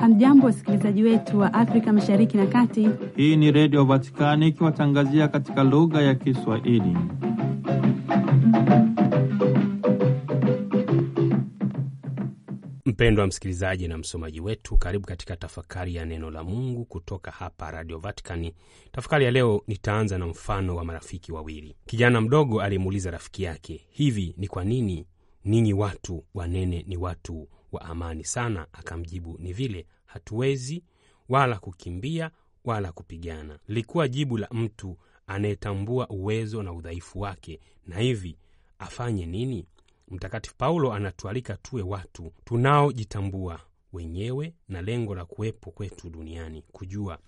Hamjambo, wasikilizaji wetu wa Afrika mashariki na kati. Hii ni Redio Vatikani ikiwatangazia katika lugha ya Kiswahili. Mpendwa msikilizaji na msomaji wetu, karibu katika tafakari ya neno la Mungu kutoka hapa Radio vaticani Tafakari ya leo nitaanza na mfano wa marafiki wawili. Kijana mdogo alimuuliza rafiki yake, hivi ni kwa nini ninyi watu wanene ni watu wa amani sana. Akamjibu, ni vile hatuwezi wala kukimbia wala kupigana. Lilikuwa jibu la mtu anayetambua uwezo na udhaifu wake, na hivi afanye nini? Mtakatifu Paulo anatualika tuwe watu tunaojitambua wenyewe na lengo la kuwepo kwetu duniani, kujua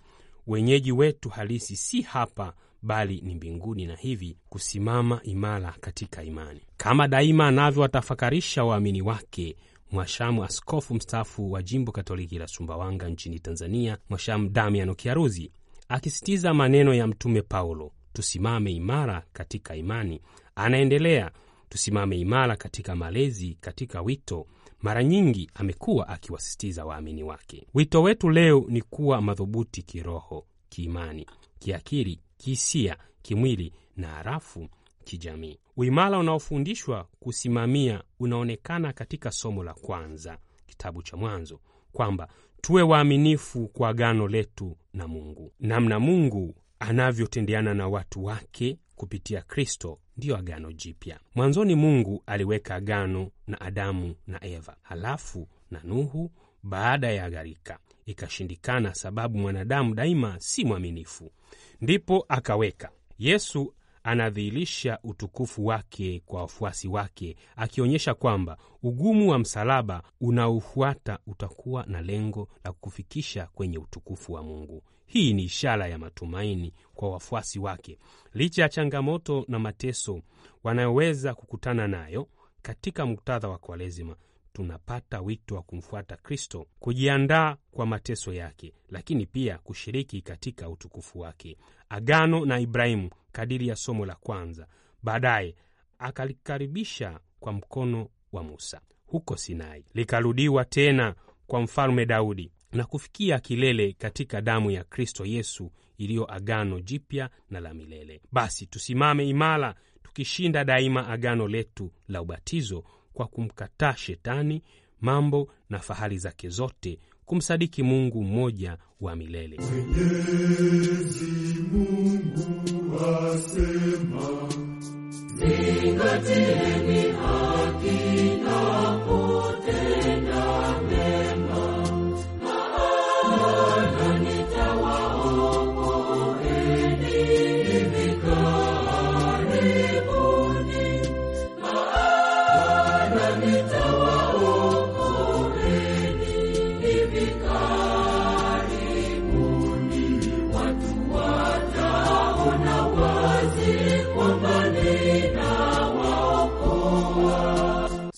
wenyeji wetu halisi si hapa bali ni mbinguni, na hivi kusimama imara katika imani. Kama daima anavyowatafakarisha waamini wake Mwashamu, askofu mstaafu wa jimbo Katoliki la Sumbawanga nchini Tanzania, Mwashamu Damiano Kiaruzi, akisitiza maneno ya Mtume Paulo, tusimame imara katika imani. Anaendelea, tusimame imara katika malezi, katika wito mara nyingi amekuwa akiwasisitiza waamini wake. Wito wetu leo ni kuwa madhubuti kiroho, kiimani, kiakili kihisia, kimwili na harafu kijamii. Uimara unaofundishwa kusimamia unaonekana katika somo la kwanza kitabu cha Mwanzo kwamba tuwe waaminifu kwa agano letu na Mungu. Namna Mungu anavyotendeana na watu wake kupitia Kristo ndiyo agano jipya. Mwanzoni Mungu aliweka agano na Adamu na Eva, halafu na Nuhu baada ya gharika ikashindikana, sababu mwanadamu daima si mwaminifu. Ndipo akaweka Yesu anadhihirisha utukufu wake kwa wafuasi wake, akionyesha kwamba ugumu wa msalaba unaofuata utakuwa na lengo la kufikisha kwenye utukufu wa Mungu. Hii ni ishara ya matumaini kwa wafuasi wake, licha ya changamoto na mateso wanayoweza kukutana nayo katika muktadha wa Kwaresima tunapata wito wa kumfuata Kristo, kujiandaa kwa mateso yake, lakini pia kushiriki katika utukufu wake. Agano na Ibrahimu kadiri ya somo la kwanza, baadaye akalikaribisha kwa mkono wa Musa huko Sinai, likarudiwa tena kwa mfalme Daudi na kufikia kilele katika damu ya Kristo Yesu iliyo agano jipya na la milele. Basi tusimame imara tukishinda daima agano letu la ubatizo kwa kumkataa Shetani, mambo na fahari zake zote, kumsadiki Mungu mmoja wa milele. Mwenyezi Mungu asema, zingatieni haki na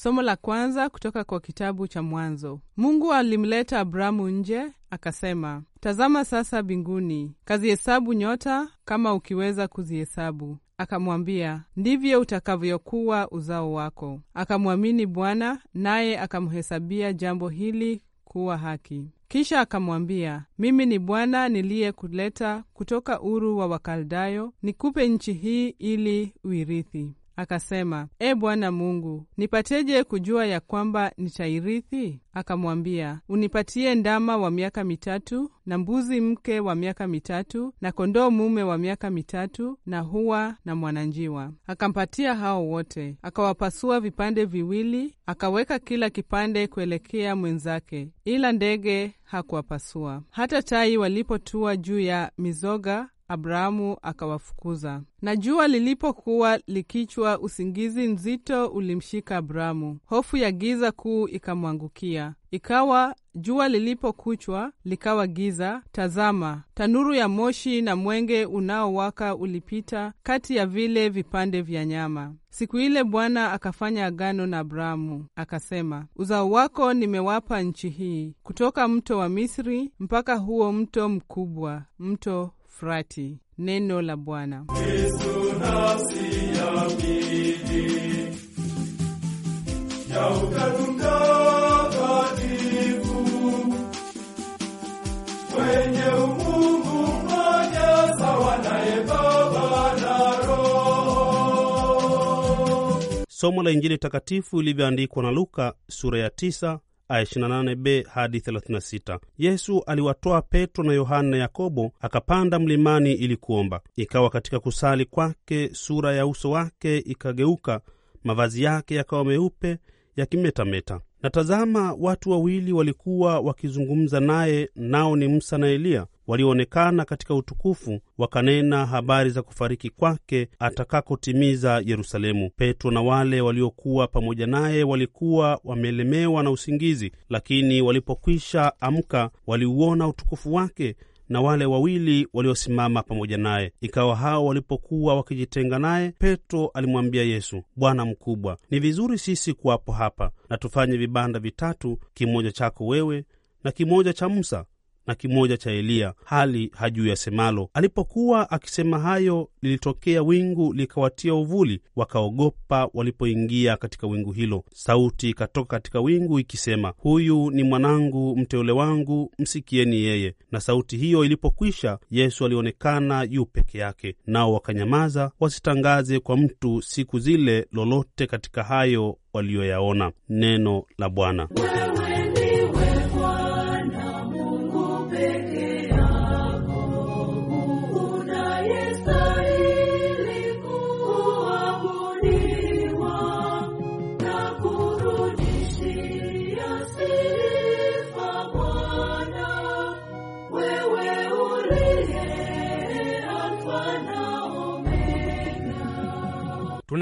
Somo la kwanza kutoka kwa kitabu cha Mwanzo. Mungu alimleta abrahamu nje akasema, tazama sasa binguni kazihesabu nyota kama ukiweza kuzihesabu. Akamwambia, ndivyo utakavyokuwa uzao wako. Akamwamini Bwana, naye akamhesabia jambo hili kuwa haki. Kisha akamwambia, mimi ni Bwana niliyekuleta kutoka Uru wa Wakaldayo, nikupe nchi hii ili uirithi. Akasema, E Bwana Mungu, nipateje kujua ya kwamba nitairithi? Akamwambia, unipatie ndama wa miaka mitatu na mbuzi mke wa miaka mitatu na kondoo mume wa miaka mitatu na hua na mwananjiwa. Akampatia hao wote, akawapasua vipande viwili, akaweka kila kipande kuelekea mwenzake, ila ndege hakuwapasua. Hata tai walipotua juu ya mizoga Abrahamu akawafukuza. Na jua lilipokuwa likichwa, usingizi nzito ulimshika Abrahamu, hofu ya giza kuu ikamwangukia. Ikawa jua lilipokuchwa, likawa giza; tazama, tanuru ya moshi na mwenge unaowaka ulipita kati ya vile vipande vya nyama. Siku ile Bwana akafanya agano na Abrahamu akasema, uzao wako nimewapa nchi hii, kutoka mto wa Misri mpaka huo mto mkubwa, mto Frati. Neno la Bwana. Yesu nafsi ya mili ya utatu mtakatifu kwenye umungu mmoja sawa naye Baba na Roho. Somo la Injili takatifu ilivyoandikwa na Luka sura ya tisa 28b hadi 36. Yesu aliwatoa Petro na Yohana na Yakobo akapanda mlimani ili kuomba. Ikawa katika kusali kwake, sura ya uso wake ikageuka, mavazi yake yakawa meupe yakimetameta na tazama, watu wawili walikuwa wakizungumza naye, nao ni Musa na Eliya walioonekana katika utukufu, wakanena habari za kufariki kwake atakakotimiza Yerusalemu. Petro na wale waliokuwa pamoja naye walikuwa wamelemewa na usingizi, lakini walipokwisha amka waliuona utukufu wake na wale wawili waliosimama pamoja naye. Ikawa hao walipokuwa wakijitenga naye, Petro alimwambia Yesu, Bwana mkubwa, ni vizuri sisi kuwapo hapa, na tufanye vibanda vitatu, kimoja chako wewe na kimoja cha Musa na kimoja cha Eliya hali hajuu yasemalo. Alipokuwa akisema hayo, lilitokea wingu likawatia uvuli, wakaogopa walipoingia katika wingu hilo. Sauti ikatoka katika wingu ikisema, huyu ni mwanangu mteule wangu, msikieni yeye. Na sauti hiyo ilipokwisha, Yesu alionekana yu peke yake, nao wakanyamaza, wasitangaze kwa mtu siku zile lolote katika hayo waliyoyaona. Neno la Bwana.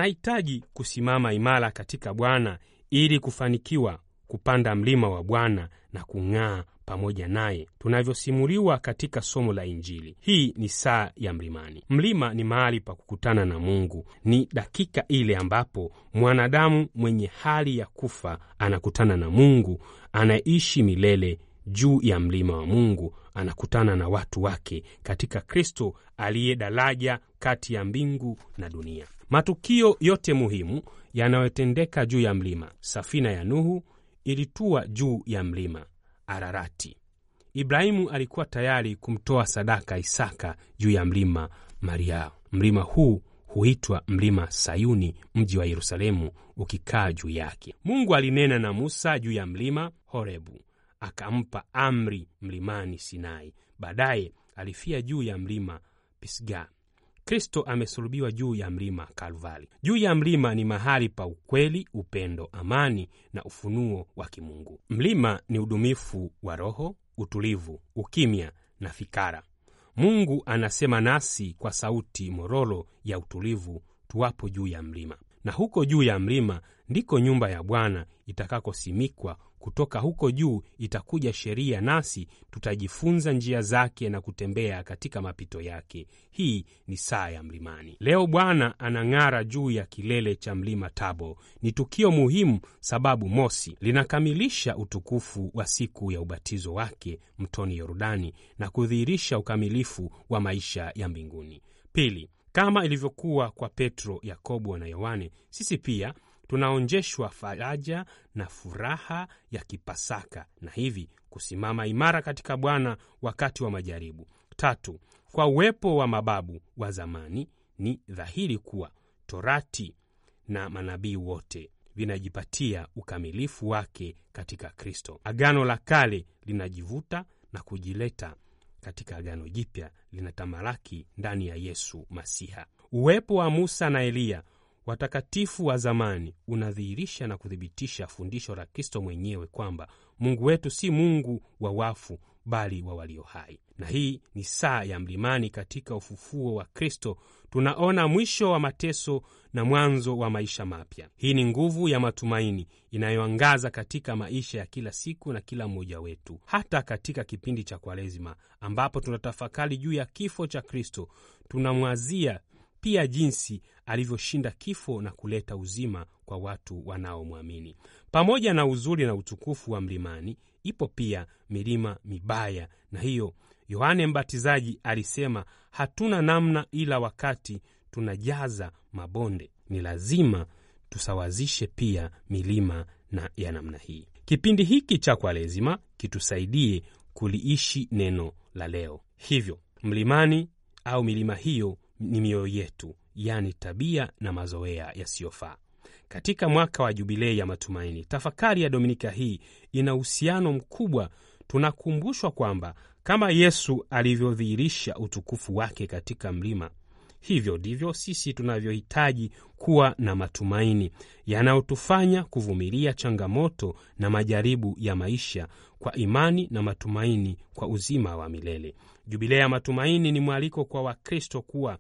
anahitaji kusimama imara katika Bwana ili kufanikiwa kupanda mlima wa Bwana na kung'aa pamoja naye tunavyosimuliwa katika somo la Injili. Hii ni saa ya mlimani. Mlima ni mahali pa kukutana na Mungu, ni dakika ile ambapo mwanadamu mwenye hali ya kufa anakutana na Mungu anaishi milele juu ya mlima wa Mungu, anakutana na watu wake katika Kristo aliye daraja kati ya mbingu na dunia. Matukio yote muhimu yanayotendeka juu ya mlima: safina ya Nuhu ilitua juu ya mlima Ararati, Ibrahimu alikuwa tayari kumtoa sadaka Isaka juu ya mlima Maria. Mlima huu huitwa mlima Sayuni, mji wa Yerusalemu ukikaa juu yake. Mungu alinena na Musa juu ya mlima Horebu, akampa amri mlimani Sinai. Baadaye alifia juu ya mlima Pisga. Kristo amesulubiwa juu ya mlima Kalvari. Juu ya mlima ni mahali pa ukweli, upendo, amani na ufunuo wa kimungu. Mlima ni udumifu wa roho, utulivu, ukimya na fikara. Mungu anasema nasi kwa sauti mororo ya utulivu tuwapo juu ya mlima, na huko juu ya mlima ndiko nyumba ya Bwana itakakosimikwa kutoka huko juu itakuja sheria, nasi tutajifunza njia zake na kutembea katika mapito yake. Hii ni saa ya mlimani. Leo Bwana anang'ara juu ya kilele cha mlima Tabo. Ni tukio muhimu sababu, mosi, linakamilisha utukufu wa siku ya ubatizo wake mtoni Yordani na kudhihirisha ukamilifu wa maisha ya mbinguni. Pili, kama ilivyokuwa kwa Petro, Yakobo na Yohane, sisi pia tunaonjeshwa faraja na furaha ya kipasaka na hivi kusimama imara katika Bwana wakati wa majaribu. Tatu, kwa uwepo wa mababu wa zamani, ni dhahiri kuwa Torati na manabii wote vinajipatia ukamilifu wake katika Kristo. Agano la Kale linajivuta na kujileta katika Agano Jipya linatamalaki ndani ya Yesu Masiha. Uwepo wa Musa na Eliya watakatifu wa zamani unadhihirisha na kuthibitisha fundisho la Kristo mwenyewe kwamba Mungu wetu si Mungu wa wafu bali wa walio hai. Na hii ni saa ya mlimani. Katika ufufuo wa Kristo tunaona mwisho wa mateso na mwanzo wa maisha mapya. Hii ni nguvu ya matumaini inayoangaza katika maisha ya kila siku na kila mmoja wetu, hata katika kipindi cha Kwaresima ambapo tunatafakari juu ya kifo cha Kristo, tunamwazia pia jinsi alivyoshinda kifo na kuleta uzima kwa watu wanaomwamini. Pamoja na uzuri na utukufu wa mlimani, ipo pia milima mibaya, na hiyo Yohane Mbatizaji alisema hatuna namna, ila wakati tunajaza mabonde ni lazima tusawazishe pia milima na ya namna hii. Kipindi hiki cha Kwaresima kitusaidie kuliishi neno la leo. Hivyo mlimani au milima hiyo ni mioyo yetu, yaani tabia na mazoea yasiyofaa. Katika mwaka wa Jubilei ya matumaini, tafakari ya Dominika hii ina uhusiano mkubwa. Tunakumbushwa kwamba kama Yesu alivyodhihirisha utukufu wake katika mlima Hivyo ndivyo sisi tunavyohitaji kuwa na matumaini yanayotufanya kuvumilia changamoto na majaribu ya maisha kwa imani na matumaini kwa uzima wa milele. Jubilea ya matumaini ni mwaliko kwa Wakristo kuwa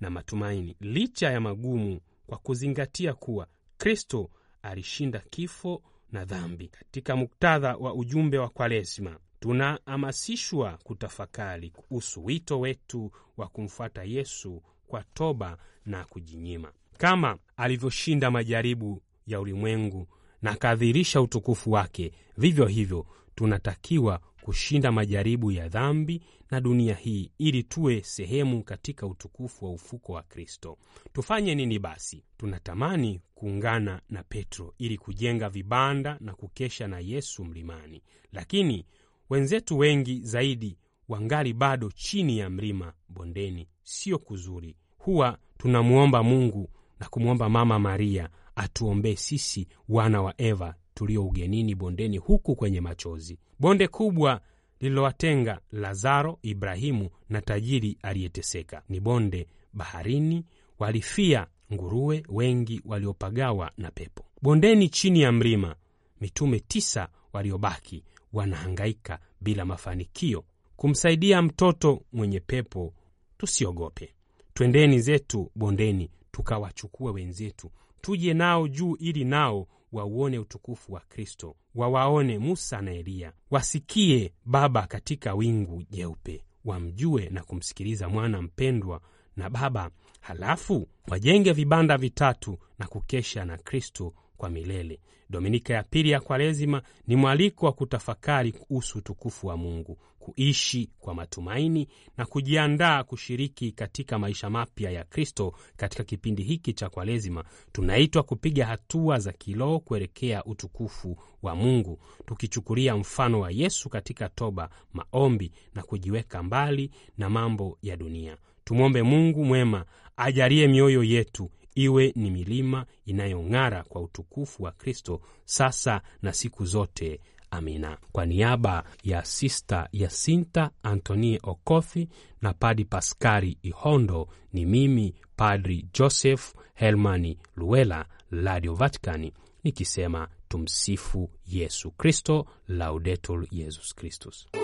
na matumaini licha ya magumu, kwa kuzingatia kuwa Kristo alishinda kifo na dhambi. Katika muktadha wa ujumbe wa Kwaresma, tunahamasishwa kutafakari kuhusu wito wetu wa kumfuata Yesu kwa toba na kujinyima, kama alivyoshinda majaribu ya ulimwengu na kadhirisha utukufu wake. Vivyo hivyo tunatakiwa kushinda majaribu ya dhambi na dunia hii ili tuwe sehemu katika utukufu wa ufuko wa Kristo. Tufanye nini basi? Tunatamani kuungana na Petro ili kujenga vibanda na kukesha na Yesu mlimani, lakini Wenzetu wengi zaidi wangali bado chini ya mlima bondeni, sio kuzuri. Huwa tunamwomba Mungu na kumwomba Mama Maria atuombee sisi wana wa Eva tulio ugenini bondeni huku kwenye machozi. Bonde kubwa lililowatenga Lazaro, Ibrahimu na tajiri aliyeteseka ni bonde baharini, walifia nguruwe wengi waliopagawa na pepo. Bondeni chini ya mlima, mitume tisa waliobaki wanahangaika bila mafanikio kumsaidia mtoto mwenye pepo. Tusiogope, twendeni zetu bondeni tukawachukue wenzetu, tuje nao juu, ili nao wauone utukufu wa Kristo, wawaone Musa na Eliya, wasikie Baba katika wingu jeupe, wamjue na kumsikiliza mwana mpendwa na Baba. Halafu wajenge vibanda vitatu na kukesha na Kristo kwa milele. Dominika ya pili ya Kwaresima ni mwaliko wa kutafakari kuhusu utukufu wa Mungu, kuishi kwa matumaini na kujiandaa kushiriki katika maisha mapya ya Kristo. Katika kipindi hiki cha Kwaresima tunaitwa kupiga hatua za kiroho kuelekea utukufu wa Mungu, tukichukulia mfano wa Yesu katika toba, maombi na kujiweka mbali na mambo ya dunia. Tumwombe Mungu mwema ajalie mioyo yetu iwe ni milima inayong'ara kwa utukufu wa Kristo sasa na siku zote. Amina. Kwa niaba ya Sista Yasinta Antonie Okofi na Padi Paskari Ihondo, ni mimi Padri Joseph Helmani Luela, Radio Vaticani, nikisema tumsifu Yesu Kristo, Laudetur Yesus Kristus.